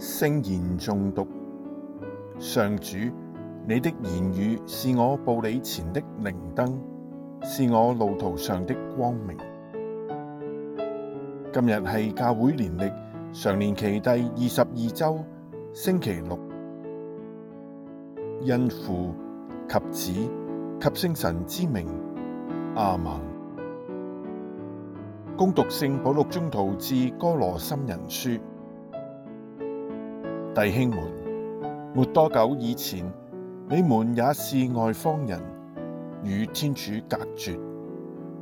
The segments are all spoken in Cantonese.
聖言誦讀，上主，你的言語是我步履前的靈燈，是我路途上的光明。今日係教會年曆常年期第二十二周星期六，因父及子及聖神之名，阿門。恭讀聖保祿宗徒致哥羅森人書。弟兄們，沒多久以前，你們也是外方人，與天主隔絕，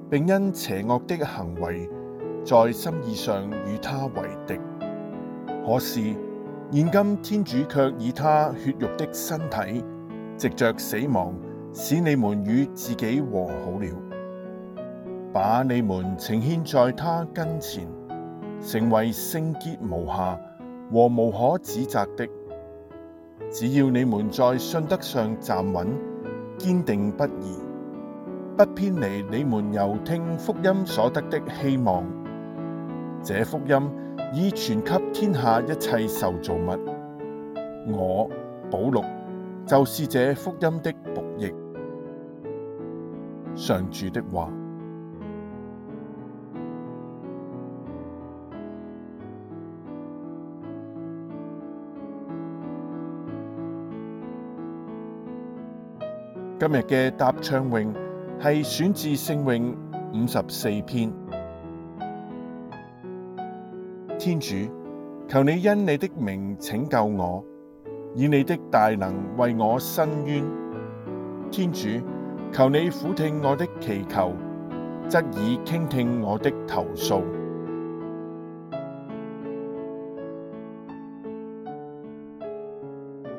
並因邪惡的行為，在心意上與他為敵。可是現今天主卻以他血肉的身體，藉着死亡，使你們與自己和好了，把你們呈獻在他跟前，成為聖潔無瑕。和無可指摘的，只要你們在信德上站穩，堅定不移，不偏離你們由聽福音所得的希望，這福音已傳給天下一切受造物。我保祿就是這福音的僕役，上主的話。今日嘅答唱詠係選自聖詠五十四篇。天主，求你因你的名拯救我，以你的大能為我伸冤。天主，求你俯聽我的祈求，側耳傾聽我的投訴。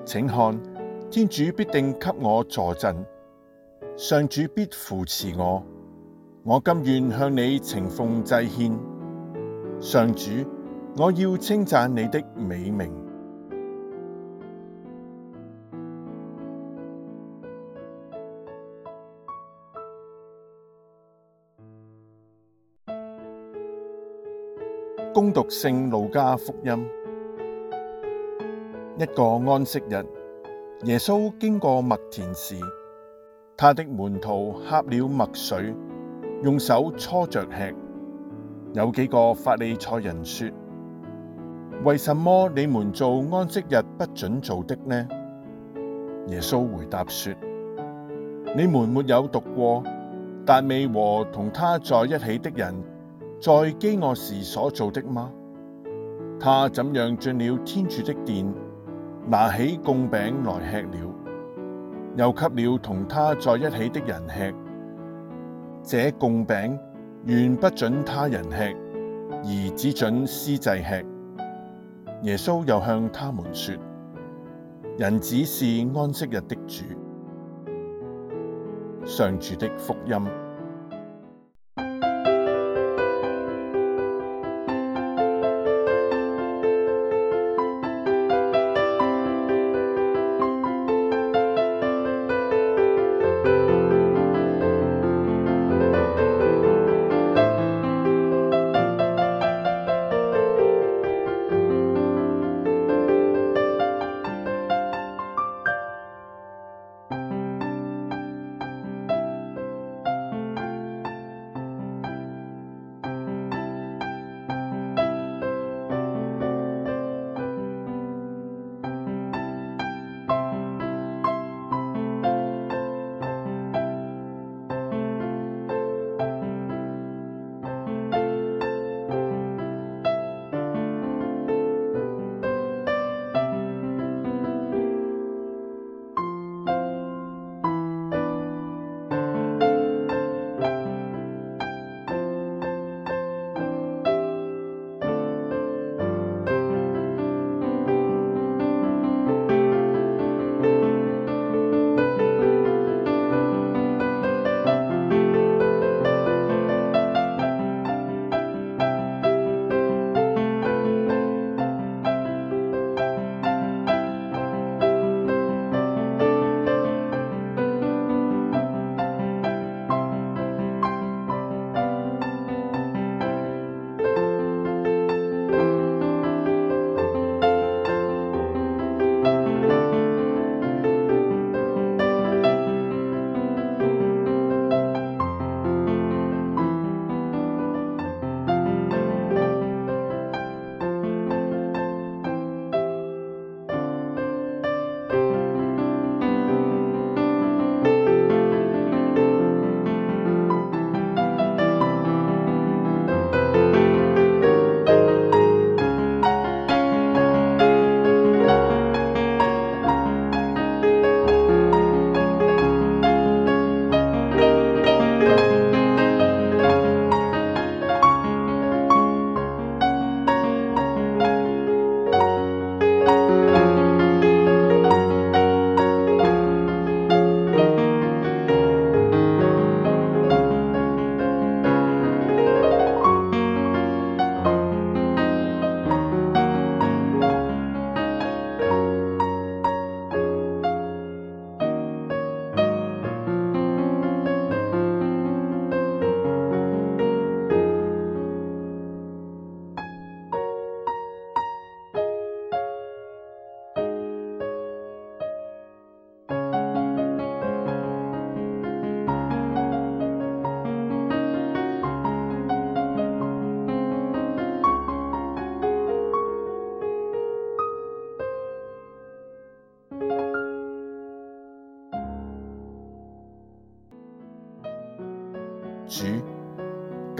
請看。天主必定給我助陣，上主必扶持我，我甘願向你呈奉祭獻。上主，我要稱讚你的美名。恭讀聖路加福音，一個安息日。耶穌經過麥田時，他的門徒掐了麥穗，用手搓着吃。有幾個法利賽人說：為什麼你們做安息日不准做的呢？耶穌回答說：你們沒有讀過達味和同他在一起的人在饑餓時所做的嗎？他怎樣進了天主的殿？拿起供餅來吃了，又給了同他在一起的人吃。這供餅原不准他人吃，而只准司祭吃。耶穌又向他們說：人子是安息日的主。上主的福音。